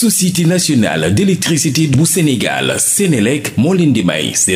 société nationale d'électricité bu Sénégal Sénélec moo leen di A Les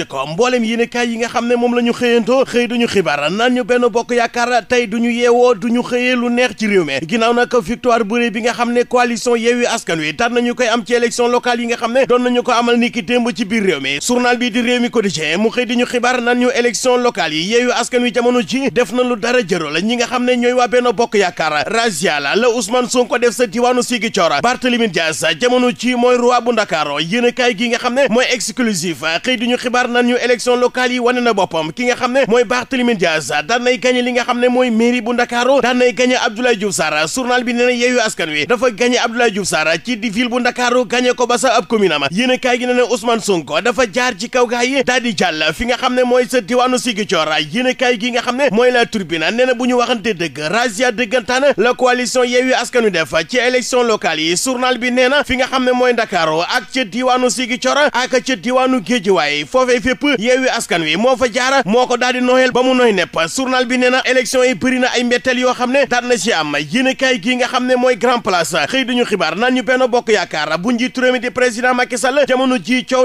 Échos mbooleem yéenekaay yi nga xam ne moom la ñu xëyantoo xëy duñu xibaar naan ñu benn bokk yaakaar tey duñu yeewoo duñu xëyee lu neex ci réew mi ginnaaw nag victoire bu rëy bi nga xam ne coalition Yewwi Askan Wi tar nañu koy am ci élection locale yi nga xam ne doon nañu ko amal niki démb ci biir réew mi journal bi di Rewmi Quotidien quotidien mu xëy di ñu xibaar nan ñu élection locale yi yeeyu askan wi jamono ji def na lu dara jëro la xam ne ñooy waa benn bokk yaakaar razia la la Ousmane Sonko def sa diwaanu Ziguinchor Barthélémy Dias jamono ji mooy roi bu Ndakaaru yéen a kaay gi nga xam ne mooy exclusif xëy di ñu xibaar nan ñu élection locale yi wane na boppam ki nga xam ne mooy Barthélémy Dias daan nay gagné li nga xam ne mooy mairie bu Ndakaaru daan nay gagné Abdoulaye Diouf Sarr journal bi nee na yeeyu askan wi dafa gagné Abdoulaye Diouf Sarr ci di ville bu Ndakaaru gagné ko ba sa ab commune am yéen a kaay gi ne ne Ousmane ko dafa jaar ci kaw gaay yi di jàll fi nga xam ne mooy sa diwaanu Ziguinchor yéenekaay gi nga xam ne mooy La Tribune nee bu ñu waxante dëgg razzia dëggantaan la coalition Yewwi Askan Wi def ci élection locale yi journal bi nee fi nga xam ne mooy Ndakaaru ak ca diwaanu Ziguinchor ak ca diwaanu Guédiawaye foofee fépp Yewwi Askan Wi moo fa jaara moo ko daal di nooyel ba mu nooy nepp journal bi nee na élection yi bëri na ay mbetteel yoo xam ne daan na ci am yéenekaay xam ne mooy Grand Place xëy duñu xibaar naan benn bokk yaakaar bu njiitu réew mi di président Macky Sall jamono ji coow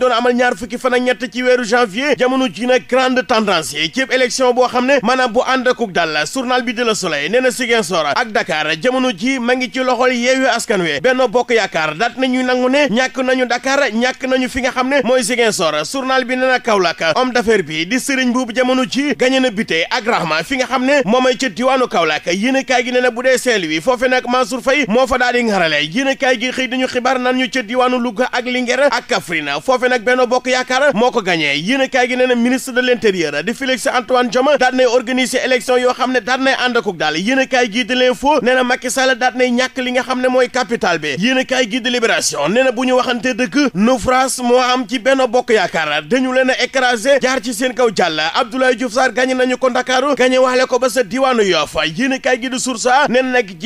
doon amal ñaar fukki fana ñett ci weeru janvier jamono ji na grande tendance yi ci élection boo xam ne maanaam bu ànd akuk dal journal bi de la Soleil nee na Ziguinchor ak Dakar jamono ji ma ngi ci loxol Yewwi Askan Wi benn Bokk Yaakaar daat nañuy nangu ne ñàkk nañu Dakar ñàkk nañu fi nga xam ne mooy Ziguinchor journal bi nee na Kaolack homme d'affaires bi di Serigne Mboup jamono ji gañe na bite ak Rahma fi nga xam ne moomay ca diwaanu Kaolack yéenekaay gi nee na bu dee Saint-Louis foofe nag Mansour Faye moo fa daal di ngarale yéenekaay gi xëy dañu xibaar naan ñu ca diwaanu Louga ak Linguère ak Kaffrine foofe nag Benno Bokk Yaakaar moo ko gagné yéen a kaay gi nee na ministre de l'intérieur di Félix Antoine Diome daat nay organiser élection yoo xam ne daat nay ànd akuk daal yéen a kaay gii di l'info nee daat nay ñàkk li nga xam ne mooy capital bi yéen a kaay gii di libération bu ñu waxante dëgg naufrage moo am ci benn Bokk Yaakaar dañu leen a jaar ci seen kaw jàll Abdoulaye Diouf Sarr gagné nañu ko Ndakaaru gagné waxle ko ba sa diwaanu Yoff yéen a kaay gi di source na nag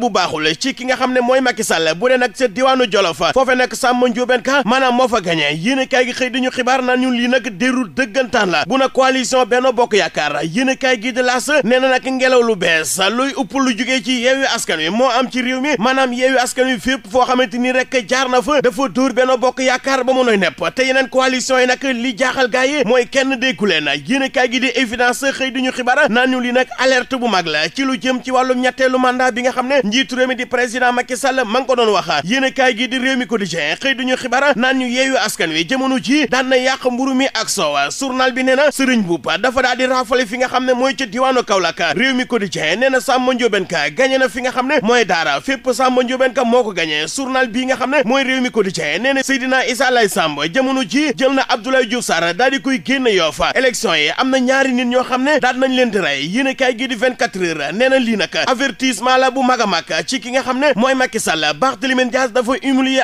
bu baaxul ci ki nga xam ne mooy Macky Sall bu dee nag sa diwaanu Jolof foofe nag Samba Ndiobène Ka maanaam moo fa yéenekaay gi xëy dañu xibaar na ñu lii nag déerul dëggantaan la bu na coalition Benno Bokk Yaakaar yéenekaay gi de laas nee na nag ngelaw lu bees luy upp lu jugee ci yeewi askan wi moo am ci réew mi maanaam yeewi askan wi fépp foo xamante ni rek jaar na fa dafa dóor Benno Bokk Yaakaar ba mu nooy nepp te yeneen coalition yi nag li jaaxal gaa mooy kenn déggu leen yéenekaay gi di évidence xëy du dañu xibaar na ñu lii nag alerte bu mag la ci lu jëm ci wàllum ñetteelu mandat bi nga xam ne njiitu réew di président Macky Sall ma ngi ko doon wax yéenekaay gi di réew mi quotidien xëy duñu xibaar naan ñu yeewi askan askan wi jamono ji na yàq mburu mi ak soowa journal bi nee na sëriñ Buub dafa daal raafale fi nga xam ne mooy ca diwaanu Kaolack réew mi na Samba Ka gagné na fi nga xam ne mooy daara fépp Samba Ndiobène Ka moo ko gagné bii nga xam ne mooy réew mi quotidien nee na Seydina Issa Lay Samb jamono ji jël na Abdoulaye Diouf Sarr daal di koy génn Yoofa élection yi am na ñaari nit ñoo xam ne daal nañ leen di rey yéen a kaay gi di 24 na lii nag avertissement la bu mag a mag ci ki nga xam ne mooy Macky Sall Barthélémy Dias dafa humilier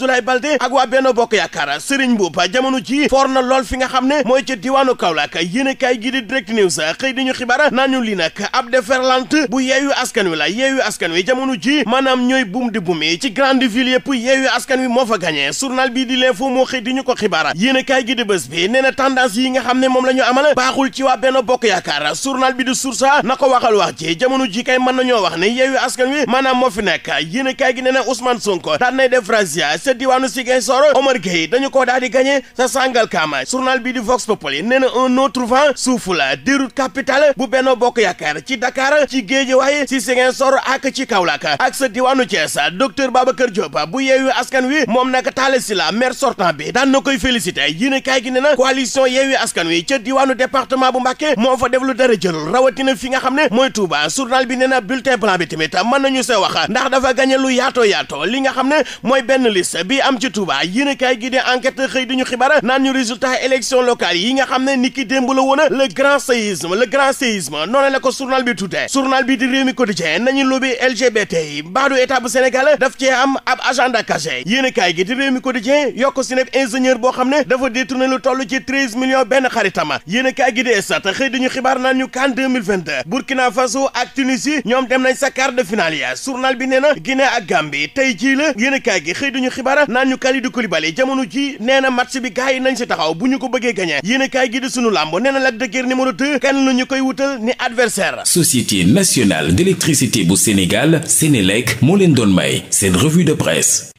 Abdoulaye Baldé ak waa Bokk Yaakaar Serigne Mboup jamono ji foor na lool fi nga xam ne mooy diwaanu Kaolack yéenekaay gi di Direct News xëy di ñu xibaar naan ñu lii nag ab déferlante bu yeewu askan wi la yeewu askan wi jamono ji maanaam ñooy buum di buumi ci grande ville yëpp yeewu askan wi moo fa gagné journal bii di L'Info moo xëy di ñu ko gi di Bës Bi nee na yi nga xam ne moom la ñu amal baaxul ci waa Benno Bokk Yaakaar journal bi di Source A na ko waxal wax ji jamono ji kay mën nañoo wax ne yeewu askan wi maanaam moo fi nekk yéenekaay gi nee na Ousmane Sonko daan nay def razzia ca diwaanu Ziguinchor Omar Gueye dañu koo daal di gagné sa Sangalkam journal bi di Vox Populi nee na un autre vent souffle la déroute capitale bu Benno Bokk Yaakaar ci Dakar ci Guédiawaye ci Ziguinchor ak ci Kaolack ak sa diwaanu Thiès docteur Babacar Diop bu yeewu askan wi moom nag Talla Sylla maire sortant bi daan na koy félicité yéen kaay gi ne na coalition yeewu askan wi ca diwaanu département bu Mbacké moo fa def lu dara rawatina fi nga xam ne mooy Touba journal bi na bulletin blanc bi tamit mën nañu see li nga xam ne mooy benn bii am ci Touba yéen kaay gi de enquête xëy di ñu xibaar naan ñu résultat élection locale yi nga xam ne ni ki démb la woon le gran séisme le grand séisme noonu la ko journal bi tuddee surnal bi di réew mi quotidien nañu lobby LGBT yi baadu état bu Sénégal daf cee am ab agenda caché yéen kaay gi di réew mi quotidien yokk si nekk ingénieur boo xam ne dafa détourné lu toll ci treize millions benn xaritama yéen kaay gi de estat xëy di ñu xibaar naan ñu CAN 2022 Burkina Faso ak Tunisie ñoom dem nañ sa quart de finale ya bi nee na Guinée ak Gambie tey jii la yéen gi xëy di ñu Bara naan ñu Kalidou Koulibaly jamono ji nee na match bi gars yi nañ si taxaw bu ñu ko bëggee gagné yéen a kaay gi di sunu làmb nee na Lac de Guiers numéro 2 kan la ñu koy wutal ni adversaire Société nationale d'électricité bu Sénégal Sénélec moo leen doon may seen revue de presse